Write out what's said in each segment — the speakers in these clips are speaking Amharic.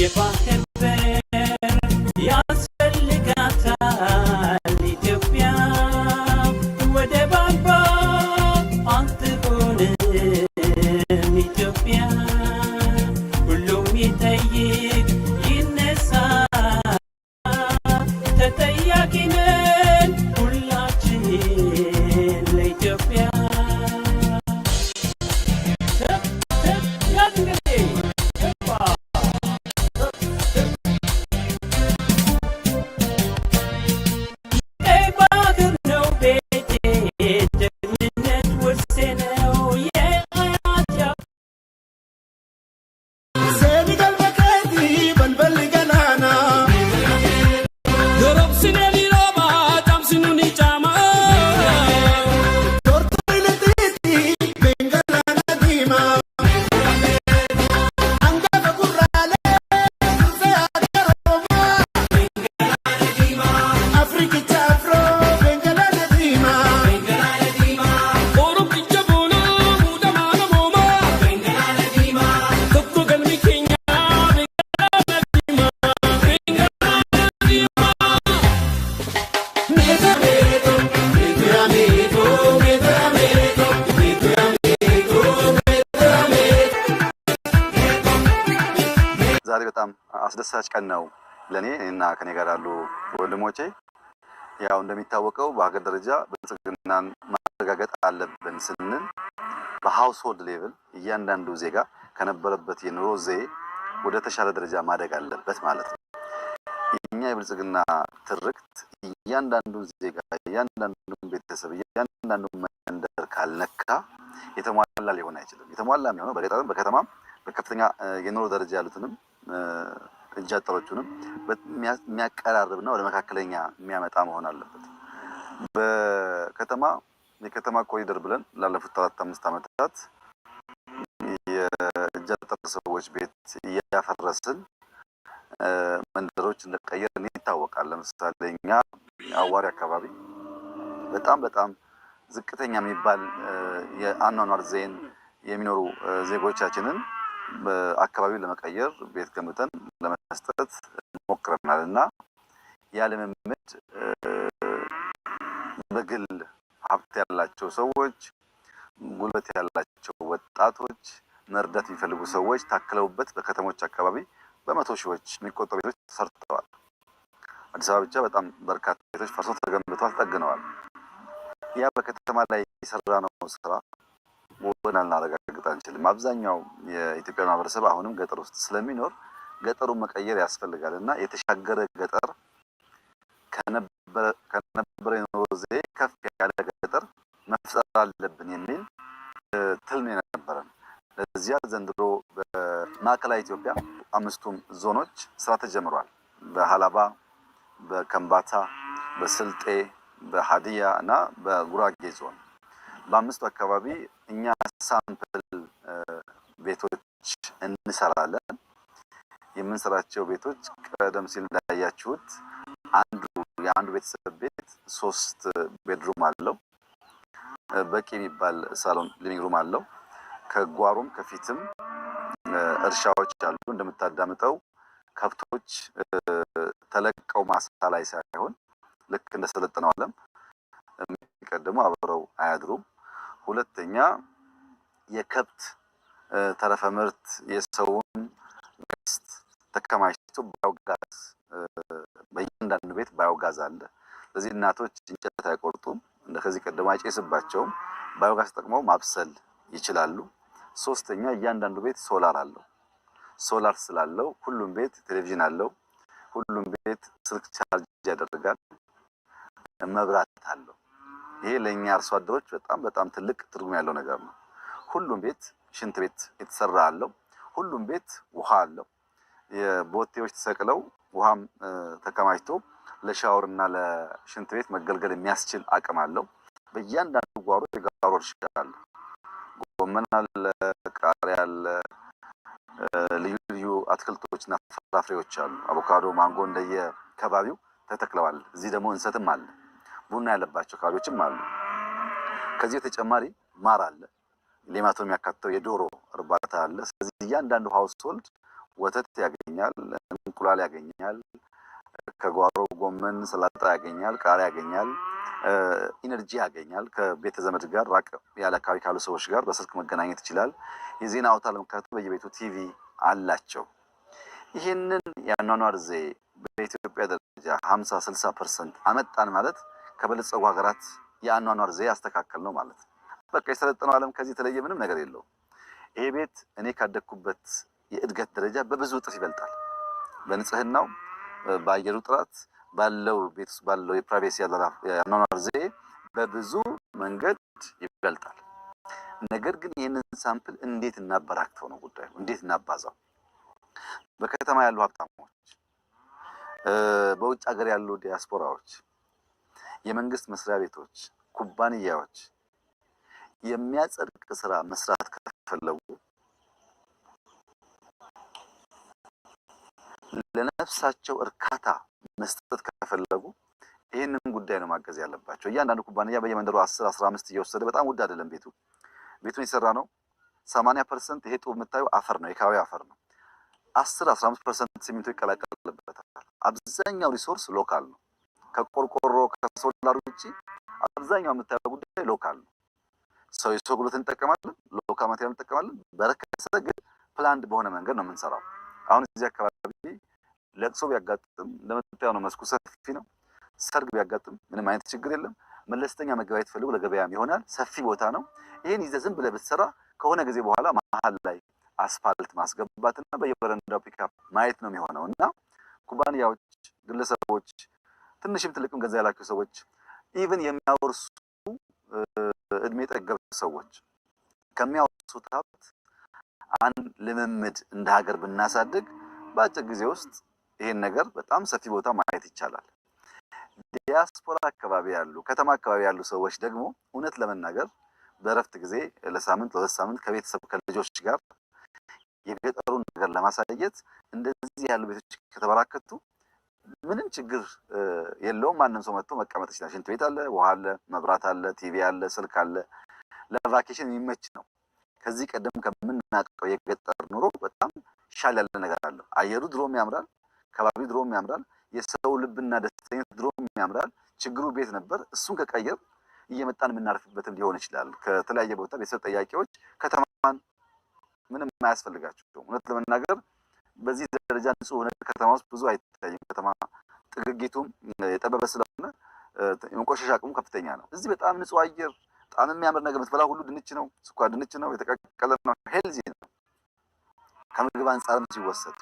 የባህር አስደሳች ቀን ነው ለእኔ እና ከኔ ጋር ያሉ ወንድሞቼ። ያው እንደሚታወቀው በሀገር ደረጃ ብልጽግናን ማረጋገጥ አለብን ስንል በሀውስሆልድ ሌቭል እያንዳንዱ ዜጋ ከነበረበት የኑሮ ዘዬ ወደ ተሻለ ደረጃ ማደግ አለበት ማለት ነው። እኛ የብልጽግና ትርክት እያንዳንዱን ዜጋ፣ እያንዳንዱን ቤተሰብ፣ እያንዳንዱን መንደር ካልነካ የተሟላ ሊሆን አይችልም። የተሟላ የሚሆነው በገጠርም በከተማም በከፍተኛ የኑሮ ደረጃ ያሉትንም ጥንቻ ጠሎቹንም የሚያቀራርብና ወደ መካከለኛ የሚያመጣ መሆን አለበት። በከተማ የከተማ ኮሪደር ብለን ላለፉት አራት አምስት ዓመታት የእንጀራ ጠል ሰዎች ቤት እያፈረስን መንደሮች እንደቀየርን ይታወቃል። ለምሳሌ እኛ አዋሪ አካባቢ በጣም በጣም ዝቅተኛ የሚባል የአኗኗር ዜን የሚኖሩ ዜጎቻችንን አካባቢ ለመቀየር ቤት ገንብተን ለመስጠት ሞክረናል እና ያ ልምምድ በግል ሀብት ያላቸው ሰዎች፣ ጉልበት ያላቸው ወጣቶች፣ መርዳት የሚፈልጉ ሰዎች ታክለውበት በከተሞች አካባቢ በመቶ ሺዎች የሚቆጠሩ ቤቶች ተሰርተዋል። አዲስ አበባ ብቻ በጣም በርካታ ቤቶች ፈርሶ ተገንብተዋል፣ ተጠግነዋል። ያ በከተማ ላይ የሰራ ነው ስራ ሆነ ልናረጋግጥ አንችልም። አብዛኛው የኢትዮጵያ ማህበረሰብ አሁንም ገጠር ውስጥ ስለሚኖር ገጠሩን መቀየር ያስፈልጋል እና የተሻገረ ገጠር ከነበረ የኑሮ ዘዬ ከፍ ያለ ገጠር መፍጠር አለብን የሚል ትልም የነበረን። ለዚያ ዘንድሮ በማዕከላዊ ኢትዮጵያ አምስቱም ዞኖች ስራ ተጀምሯል። በሀላባ፣ በከምባታ፣ በስልጤ፣ በሀዲያ እና በጉራጌ ዞን በአምስቱ አካባቢ እኛ ሳምፕል ቤቶች እንሰራለን። የምንሰራቸው ቤቶች ቀደም ሲል እንዳያችሁት አንዱ የአንዱ ቤተሰብ ቤት ሶስት ቤድሩም አለው። በቂ የሚባል ሳሎን ሊቪንግ ሩም አለው። ከጓሮም ከፊትም እርሻዎች አሉ። እንደምታዳምጠው ከብቶች ተለቀው ማሳ ላይ ሳይሆን ልክ እንደሰለጠነው ዓለም የሚቀደሙ አብረው አያድሩም። ሁለተኛ የከብት ተረፈ ምርት የሰውን ስት ተከማችቶ ባዮጋዝ በእያንዳንዱ ቤት ባዮጋዝ አለ። ስለዚህ እናቶች እንጨት አይቆርጡም፣ እንደ ከዚህ ቀደም አይጨስባቸውም። ባዮጋዝ ተጠቅመው ማብሰል ይችላሉ። ሶስተኛ እያንዳንዱ ቤት ሶላር አለው። ሶላር ስላለው ሁሉም ቤት ቴሌቪዥን አለው። ሁሉም ቤት ስልክ ቻርጅ ያደርጋል። መብራት አለው። ይሄ ለእኛ አርሶ አደሮች በጣም በጣም ትልቅ ትርጉም ያለው ነገር ነው። ሁሉም ቤት ሽንት ቤት የተሰራ አለው። ሁሉም ቤት ውሃ አለው። ቦቴዎች ተሰቅለው ውሃም ተከማችቶ ለሻወር እና ለሽንት ቤት መገልገል የሚያስችል አቅም አለው። በእያንዳንዱ ጓሮ የጋሮ እርሻ አለ። ጎመን አለ፣ ቃሪያ አለ፣ ልዩ ልዩ አትክልቶችና ፍራፍሬዎች አሉ። አቮካዶ፣ ማንጎ እንደየ ከባቢው ተተክለዋል። እዚህ ደግሞ እንሰትም አለ። ቡና ያለባቸው አካባቢዎችም አሉ። ከዚህ በተጨማሪ ማር አለ። ሌማቶ የሚያካትተው የዶሮ እርባታ አለ። ስለዚህ እያንዳንዱ ሀውስሆልድ ወተት ያገኛል፣ እንቁላል ያገኛል፣ ከጓሮ ጎመን ሰላጣ ያገኛል፣ ቃሪ ያገኛል፣ ኢነርጂ ያገኛል። ከቤተ ዘመድ ጋር ራቅ ያለ አካባቢ ካሉ ሰዎች ጋር በስልክ መገናኘት ይችላል። የዜና አውታ ለመከታተል በየቤቱ ቲቪ አላቸው። ይህንን የአኗኗር ዜ በኢትዮጵያ ደረጃ ሀምሳ ስልሳ ፐርሰንት አመጣን ማለት ከበለጸጉ ሀገራት የአኗኗር ዘዬ አስተካከል ነው ማለት ነው። በቃ የሰለጠነው ዓለም ከዚህ የተለየ ምንም ነገር የለውም። ይሄ ቤት እኔ ካደግኩበት የእድገት ደረጃ በብዙ እጥፍ ይበልጣል። በንጽህናው፣ በአየሩ ጥራት፣ ባለው ቤት ውስጥ ባለው የፕራይቬሲ የአኗኗር ዘዬ በብዙ መንገድ ይበልጣል። ነገር ግን ይህንን ሳምፕል እንዴት እናበራክተው ነው ጉዳዩ፣ እንዴት እናባዛው። በከተማ ያሉ ሀብታሞች፣ በውጭ ሀገር ያሉ ዲያስፖራዎች የመንግስት መስሪያ ቤቶች፣ ኩባንያዎች የሚያጸድቅ ስራ መስራት ከፈለጉ ለነፍሳቸው እርካታ መስጠት ከፈለጉ ይህንን ጉዳይ ነው ማገዝ ያለባቸው። እያንዳንዱ ኩባንያ በየመንደሩ 10 15 እየወሰደ በጣም ውድ አይደለም ቤቱ ቤቱን የሰራ ነው 80 ፐርሰንት ይሄ ጡብ የምታዩ አፈር ነው፣ የካባቢ አፈር ነው። 10 15 ፐርሰንት ሲሚንቶ ይቀላቀልበታል። አብዛኛው ሪሶርስ ሎካል ነው። ከቆርቆሮ ከሶላር ውጭ አብዛኛው የምታየው ጉዳይ ሎካል ነው። ሰው የሰው ጉልበት እንጠቀማለን፣ ሎካል ማቴሪያል እንጠቀማለን። በረከሰ ግን ፕላንድ በሆነ መንገድ ነው የምንሰራው። አሁን እዚህ አካባቢ ለቅሶ ቢያጋጥም ለመታየው ነው፣ መስኩ ሰፊ ነው። ሰርግ ቢያጋጥም ምንም አይነት ችግር የለም። መለስተኛ መገበያ የተፈልጉ ለገበያም ይሆናል። ሰፊ ቦታ ነው። ይህን ይዘህ ዝም ብለህ ብትሰራ ከሆነ ጊዜ በኋላ መሀል ላይ አስፋልት ማስገባትና በየበረንዳው ፒካፕ ማየት ነው የሚሆነው እና ኩባንያዎች፣ ግለሰቦች ትንሽም ትልቅም ገንዘብ ያላቸው ሰዎች ኢቭን የሚያወርሱ እድሜ ጠገብ ሰዎች ከሚያወርሱት ሀብት አንድ ልምምድ እንደ ሀገር ብናሳድግ በአጭር ጊዜ ውስጥ ይሄን ነገር በጣም ሰፊ ቦታ ማየት ይቻላል። ዲያስፖራ አካባቢ ያሉ ከተማ አካባቢ ያሉ ሰዎች ደግሞ እውነት ለመናገር በእረፍት ጊዜ ለሳምንት ለሁለት ሳምንት ከቤተሰብ ከልጆች ጋር የገጠሩን ነገር ለማሳየት እንደዚህ ያሉ ቤቶች ከተበራከቱ ምንም ችግር የለውም። ማንም ሰው መጥቶ መቀመጥ ይችላል። ሽንት ቤት አለ፣ ውሃ አለ፣ መብራት አለ፣ ቲቪ አለ፣ ስልክ አለ። ለቫኬሽን የሚመች ነው። ከዚህ ቀደም ከምናውቀው የገጠር ኑሮ በጣም ሻል ያለ ነገር አለ አየሩ ድሮም ያምራል፣ ከባቢው ድሮም ያምራል፣ የሰው ልብና ደስተኝነት ድሮም ያምራል። ችግሩ ቤት ነበር። እሱን ከቀየር እየመጣን የምናርፍበትም ሊሆን ይችላል። ከተለያየ ቦታ ቤተሰብ ጠያቂዎች ከተማን ምንም አያስፈልጋቸው እውነት ለመናገር በዚህ ደረጃ ንጹህ ሆነ ከተማ ውስጥ ብዙ አይታይም። ከተማ ጥግጊቱም የጠበበ ስለሆነ የመቆሸሽ አቅሙ ከፍተኛ ነው። እዚህ በጣም ንጹህ አየር፣ ጣም የሚያምር ነገር የምትበላ ሁሉ ድንች ነው፣ ስኳር ድንች ነው፣ የተቀቀለ ነው፣ ሄልዚ ነው ከምግብ አንጻርም ሲወሰድ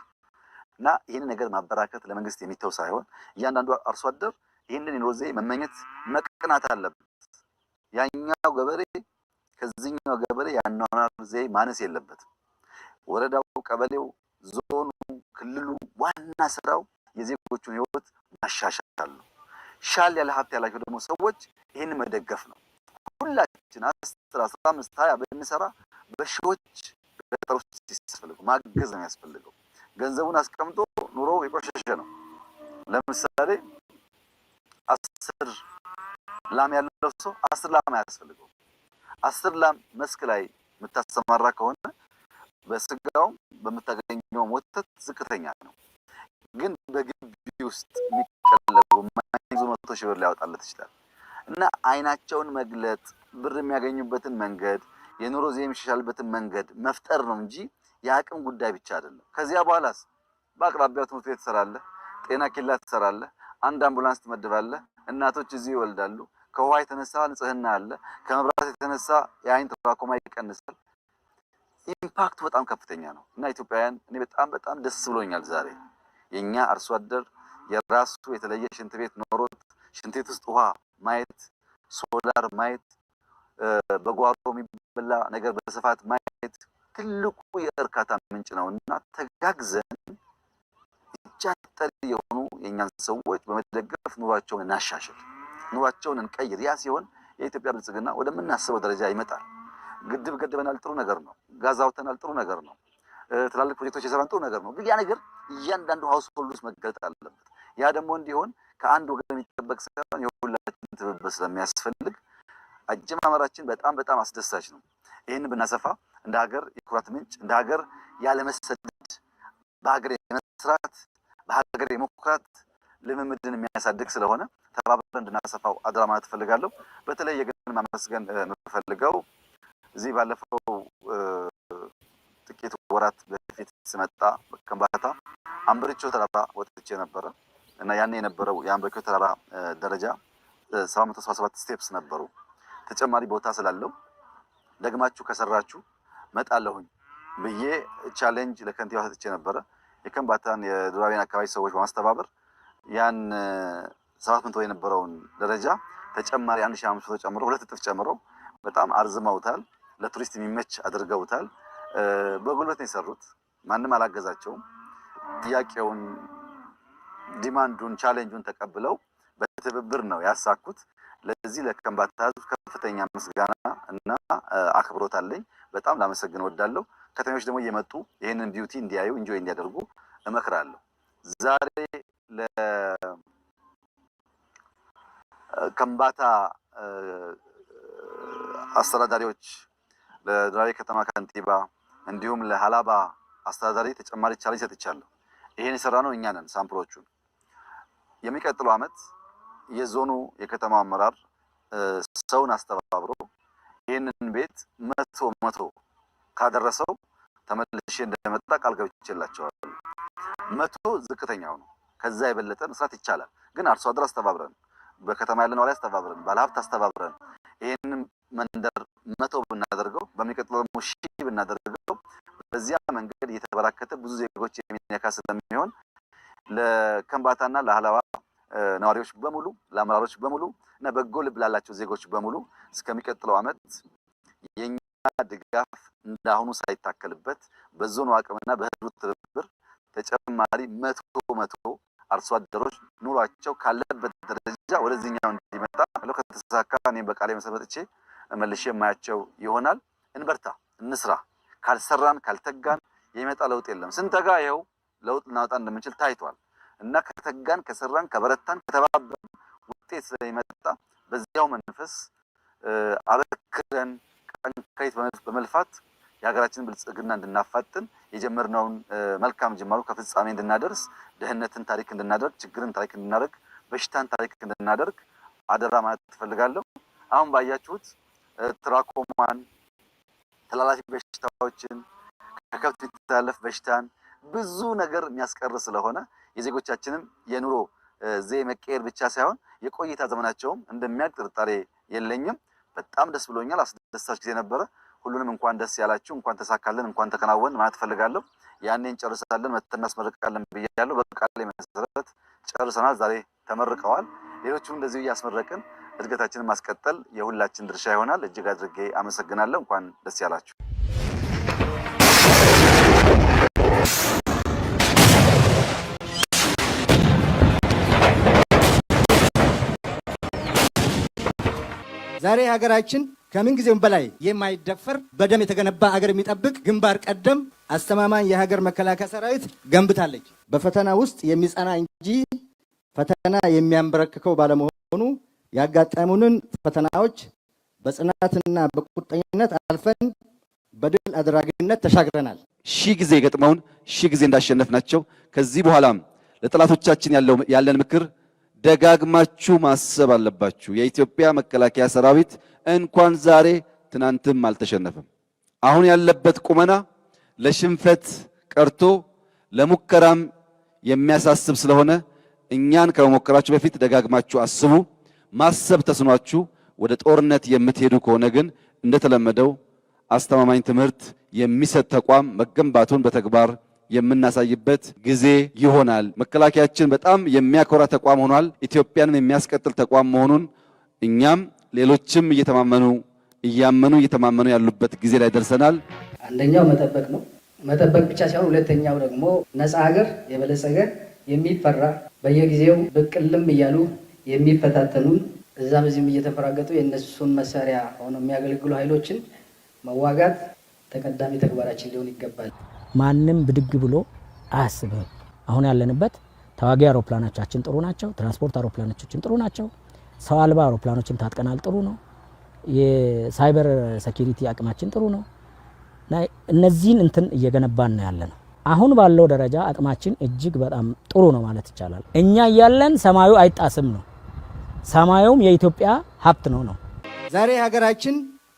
እና ይህንን ነገር ማበራከት ለመንግስት የሚተው ሳይሆን እያንዳንዱ አርሶ አደር ይህንን የኑሮ ዘዬ መመኘት መቅናት አለበት። ያኛው ገበሬ ከዚህኛው ገበሬ የአኗኗር ዘዬ ማነስ የለበትም። ወረዳው፣ ቀበሌው ዞኑ፣ ክልሉ ዋና ስራው የዜጎቹን ህይወት ማሻሻል ነው። ሻል ያለ ሀብት ያላቸው ደግሞ ሰዎች ይህን መደገፍ ነው። ሁላችን አስር አስራ አምስት ሀያ ብንሰራ በሺዎች ገጠር ውስጥ ሲያስፈልጉ ማገዝ ነው ያስፈልገው። ገንዘቡን አስቀምጦ ኑሮ የቆሸሸ ነው። ለምሳሌ አስር ላም ያለው ሰው አስር ላም አያስፈልገው። አስር ላም መስክ ላይ የምታሰማራ ከሆነ በስጋውም በምታገኘው ወተት ዝቅተኛ ነው፣ ግን በግቢ ውስጥ የሚቀለቡ ብዙ መቶ ሺህ ብር ሊያወጣለት ይችላል። እና አይናቸውን መግለጥ ብር የሚያገኙበትን መንገድ የኑሮ ዜ የሚሻሻልበትን መንገድ መፍጠር ነው እንጂ የአቅም ጉዳይ ብቻ አይደለም። ከዚያ በኋላስ በአቅራቢያው ትምህርት ቤት ትሰራለህ፣ ጤና ኬላ ትሰራለህ፣ አንድ አምቡላንስ ትመድባለህ። እናቶች እዚህ ይወልዳሉ። ከውሃ የተነሳ ንጽህና አለ። ከመብራት የተነሳ የአይን ትራኮማ ይቀንሳል። ኢምፓክቱ በጣም ከፍተኛ ነው እና ኢትዮጵያውያን እኔ በጣም በጣም ደስ ብሎኛል። ዛሬ የእኛ አርሶ አደር የራሱ የተለየ ሽንት ቤት ኖሮት ሽንት ቤት ውስጥ ውሃ ማየት፣ ሶላር ማየት፣ በጓሮ የሚበላ ነገር በስፋት ማየት ትልቁ የእርካታ ምንጭ ነው እና ተጋግዘን እጃጠል የሆኑ የእኛን ሰዎች በመደገፍ ኑሯቸውን እናሻሽል፣ ኑሯቸውን እንቀይር። ያ ሲሆን የኢትዮጵያ ብልጽግና ወደምናስበው ደረጃ ይመጣል። ግድብ ገድበናል፣ ጥሩ ነገር ነው። ጋዝ አውጥተናል፣ ጥሩ ነገር ነው። ትላልቅ ፕሮጀክቶች የሰራን ጥሩ ነገር ነው። ግን ያ ነገር እያንዳንዱ ሀውስ ሆልድ ውስጥ መገለጥ አለበት። ያ ደግሞ እንዲሆን ከአንድ ወገን የሚጠበቅ ሳይሆን የሁላችን ትብብር ስለሚያስፈልግ አጀማመራችን በጣም በጣም አስደሳች ነው። ይህን ብናሰፋ እንደ ሀገር የኩራት ምንጭ፣ እንደ ሀገር ያለመሰደድ፣ በሀገር የመስራት፣ በሀገር የመኩራት ልምምድን የሚያሳድግ ስለሆነ ተባብረን እንድናሰፋው አደራ ማለት እፈልጋለሁ። በተለይ የግን ማመስገን የምፈልገው እዚህ ባለፈው ጥቂት ወራት በፊት ስመጣ ከምባታ አንበሪቾ ተራራ ወጥቼ ነበረ እና ያኔ የነበረው የአንበሪቾ ተራራ ደረጃ ሰባት መቶ ሰባ ሰባት ስቴፕስ ነበሩ። ተጨማሪ ቦታ ስላለው ደግማችሁ ከሰራችሁ መጣለሁኝ ብዬ ቻሌንጅ ለከንቲባ ሰጥቼ ነበረ። የከምባታን የዱራቤን አካባቢ ሰዎች በማስተባበር ያን ሰባት መቶ የነበረውን ደረጃ ተጨማሪ አንድ ሺህ አምስት ጨምሮ ሁለት እጥፍ ጨምሮ በጣም አርዝመውታል። ለቱሪስት የሚመች አድርገውታል። በጉልበት ነው የሰሩት። ማንም አላገዛቸውም። ጥያቄውን፣ ዲማንዱን፣ ቻሌንጁን ተቀብለው በትብብር ነው ያሳኩት። ለዚህ ለከምባታ ሕዝብ ከፍተኛ ምስጋና እና አክብሮት አለኝ። በጣም ላመሰግን ወዳለሁ ከተሞች ደግሞ እየመጡ ይህንን ቢዩቲ እንዲያዩ እንጆይ እንዲያደርጉ እመክራለሁ። ዛሬ ለከምባታ አስተዳዳሪዎች ለድራዊ ከተማ ከንቲባ እንዲሁም ለሀላባ አስተዳዳሪ ተጨማሪ ቻሌንጅ ሰጥቻለሁ። ይህን የሰራ ነው እኛ ነን ሳምፕሎቹን። የሚቀጥለው ዓመት የዞኑ የከተማ አመራር ሰውን አስተባብሮ ይህንን ቤት መቶ መቶ ካደረሰው ተመልሼ እንደመጣ ቃል ገብቼላቸዋለሁ። መቶ ዝቅተኛው ነው። ከዛ የበለጠ መስራት ይቻላል። ግን አርሶ አደር አስተባብረን፣ በከተማ ያለነው ላይ አስተባብረን፣ ባለሀብት አስተባብረን ይህንን መንደር መቶ ብናደርገው በሚቀጥለው ደግሞ ሺህ ብናደርገው በዚያ መንገድ እየተበራከተ ብዙ ዜጎች የሚነካ ስለሚሆን ለከምባታና ለሀላባ ነዋሪዎች በሙሉ ለአመራሮች በሙሉ እና በጎ ልብ ላላቸው ዜጎች በሙሉ እስከሚቀጥለው ዓመት የኛ ድጋፍ እንዳሁኑ ሳይታከልበት በዞኑ አቅምና በህዝቡ ትብብር ተጨማሪ መቶ መቶ አርሶ አደሮች ኑሯቸው ካለበት ደረጃ ወደዚህኛው እንዲመጣ ከተሳካ እኔም በቃሌ መሰረት መልሼ የማያቸው ይሆናል። እንበርታ፣ እንስራ። ካልሰራን ካልተጋን የሚመጣ ለውጥ የለም። ስንተጋ ይኸው ለውጥ ልናወጣ እንደምንችል ታይቷል። እና ከተጋን፣ ከሰራን፣ ከበረታን፣ ከተባበርን ውጤት ስለሚመጣ በዚያው መንፈስ አበክረን ቀንካይት በመልፋት የሀገራችንን ብልጽግና እንድናፋጥን የጀመርነውን መልካም ጅማሩ ከፍጻሜ እንድናደርስ ድህነትን ታሪክ እንድናደርግ ችግርን ታሪክ እንድናደርግ በሽታን ታሪክ እንድናደርግ አደራ ማለት ትፈልጋለሁ። አሁን ባያችሁት ትራኮማን፣ ተላላፊ በሽታዎችን፣ ከከብት የሚተላለፍ በሽታን ብዙ ነገር የሚያስቀር ስለሆነ የዜጎቻችንም የኑሮ ዜ መቀየር ብቻ ሳይሆን የቆይታ ዘመናቸውም እንደሚያድግ ጥርጣሬ የለኝም። በጣም ደስ ብሎኛል። አስደሳች ጊዜ ነበረ። ሁሉንም እንኳን ደስ ያላችሁ፣ እንኳን ተሳካለን፣ እንኳን ተከናወን ማለት እፈልጋለሁ። ያኔን ጨርሳለን መተን እናስመርቃለን ብያለሁ። በቃሌ መሰረት ጨርሰናል። ዛሬ ተመርቀዋል። ሌሎቹም እንደዚሁ እያስመረቅን እድገታችንን ማስቀጠል የሁላችን ድርሻ ይሆናል። እጅግ አድርጌ አመሰግናለሁ። እንኳን ደስ ያላችሁ። ዛሬ ሀገራችን ከምንጊዜውም በላይ የማይደፈር በደም የተገነባ አገር የሚጠብቅ ግንባር ቀደም አስተማማኝ የሀገር መከላከያ ሰራዊት ገንብታለች። በፈተና ውስጥ የሚጸና እንጂ ፈተና የሚያንበረክከው ባለመሆኑ ያጋጠሙንን ፈተናዎች በጽናትና በቁርጠኝነት አልፈን በድል አድራጊነት ተሻግረናል። ሺህ ጊዜ የገጥመውን ሺህ ጊዜ እንዳሸነፍናቸው ከዚህ በኋላም ለጠላቶቻችን ያለን ምክር ደጋግማችሁ ማሰብ አለባችሁ። የኢትዮጵያ መከላከያ ሰራዊት እንኳን ዛሬ ትናንትም አልተሸነፈም። አሁን ያለበት ቁመና ለሽንፈት ቀርቶ ለሙከራም የሚያሳስብ ስለሆነ እኛን ከመሞከራችሁ በፊት ደጋግማችሁ አስቡ። ማሰብ ተስኗችሁ ወደ ጦርነት የምትሄዱ ከሆነ ግን እንደተለመደው አስተማማኝ ትምህርት የሚሰጥ ተቋም መገንባቱን በተግባር የምናሳይበት ጊዜ ይሆናል። መከላከያችን በጣም የሚያኮራ ተቋም ሆኗል። ኢትዮጵያንም የሚያስቀጥል ተቋም መሆኑን እኛም ሌሎችም እየተማመኑ እያመኑ እየተማመኑ ያሉበት ጊዜ ላይ ደርሰናል። አንደኛው መጠበቅ ነው። መጠበቅ ብቻ ሳይሆን ሁለተኛው ደግሞ ነፃ ሀገር፣ የበለጸገ የሚፈራ በየጊዜው ብቅልም እያሉ የሚፈታተኑን እዛም እዚህም እየተፈራገጡ የእነሱን መሳሪያ ሆነው የሚያገለግሉ ኃይሎችን መዋጋት ተቀዳሚ ተግባራችን ሊሆን ይገባል። ማንም ብድግ ብሎ አያስብም። አሁን ያለንበት ተዋጊ አውሮፕላኖቻችን ጥሩ ናቸው። ትራንስፖርት አውሮፕላኖቻችን ጥሩ ናቸው። ሰው አልባ አውሮፕላኖችን ታጥቀናል፣ ጥሩ ነው። የሳይበር ሴኪሪቲ አቅማችን ጥሩ ነው። እነዚህን እንትን እየገነባን ነው ያለ ነው። አሁን ባለው ደረጃ አቅማችን እጅግ በጣም ጥሩ ነው ማለት ይቻላል። እኛ እያለን ሰማዩ አይጣስም ነው ሰማዩም የኢትዮጵያ ሀብት ነው ነው። ዛሬ ሀገራችን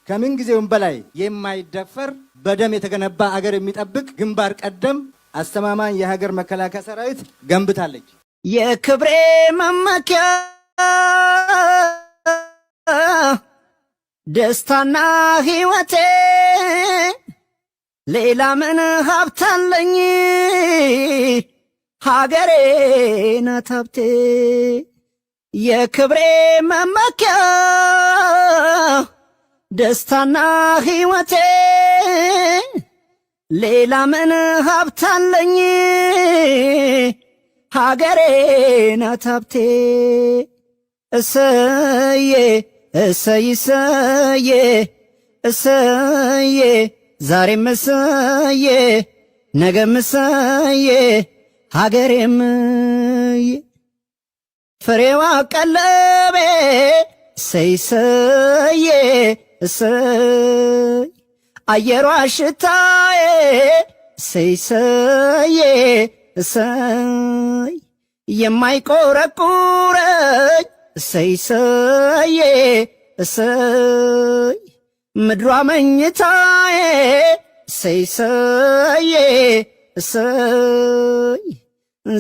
ከምን ጊዜውም በላይ የማይደፈር በደም የተገነባ አገር የሚጠብቅ ግንባር ቀደም አስተማማኝ የሀገር መከላከያ ሰራዊት ገንብታለች። የክብሬ መመኪያ ደስታና ሕይወቴ ሌላ ምን ሀብታለኝ ሀገሬ ናት ሀብቴ የክብሬ መመኪያ ደስታና ሕይወቴ ሌላ ምን ሀብታለኝ ሀገሬ ናት ሀብቴ። እሰዬ እሰይ እሰዬ እሰዬ ዛሬም እሰዬ ነገም እሰዬ ሀገሬም ፍሬዋ ቀለቤ እሰይ እሰዬ እሰይ አየሯ ሽታዬ እሰይ እሰዬ እሰይ የማይቆረቁረኝ እሰይ እሰዬ እሰይ ምድሯ መኝታዬ እሰይ እሰዬ እሰይ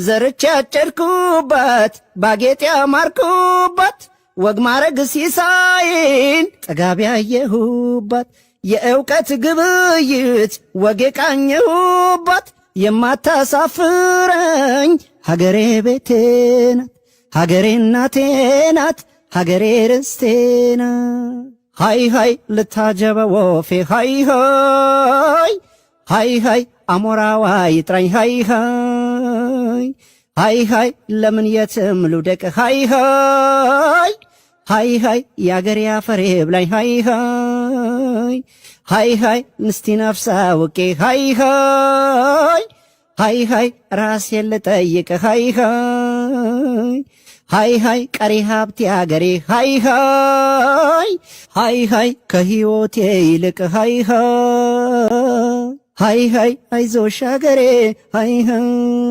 ዘርቼ ያጨድኩባት ባጌጥ ያማርኩባት ወግ ማረግ ሲሳይን ጠጋቢ ያየሁባት የእውቀት ግብይት ወግ የቃኘሁባት የማታሳፍረኝ ሀገሬ ቤቴ ናት፣ ሀገሬ እናቴ ናት፣ ሀገሬ ርስቴ ናት። ሀይ ልታጀበ ወፌ ሃይ ሃይ ሃይ ሀይ አሞራዋ ይጥራኝ ሀይ ሀይ ሃይ ሃይ ለምን የትም ልውደቅ ሃይ ሃይ ሃይ ሃይ የአገሬ አፈር ብላኝ ሃይ ሃይ ሃይ ሃይ ንስቲ ነፍሳ ውቄ ሃይ ሃይ ሃይ ሃይ ራሴን ልጠይቅ ሃይ ሃይ ሃይ ሃይ ቀሪ ሀብቴ አገሬ ሃይ ሃይ ሃይ ሃይ ከህይወቴ ይልቅ ሃይ ሃይ ሃይ ሃይ አይዞሽ አገሬ ሃይ ሃይ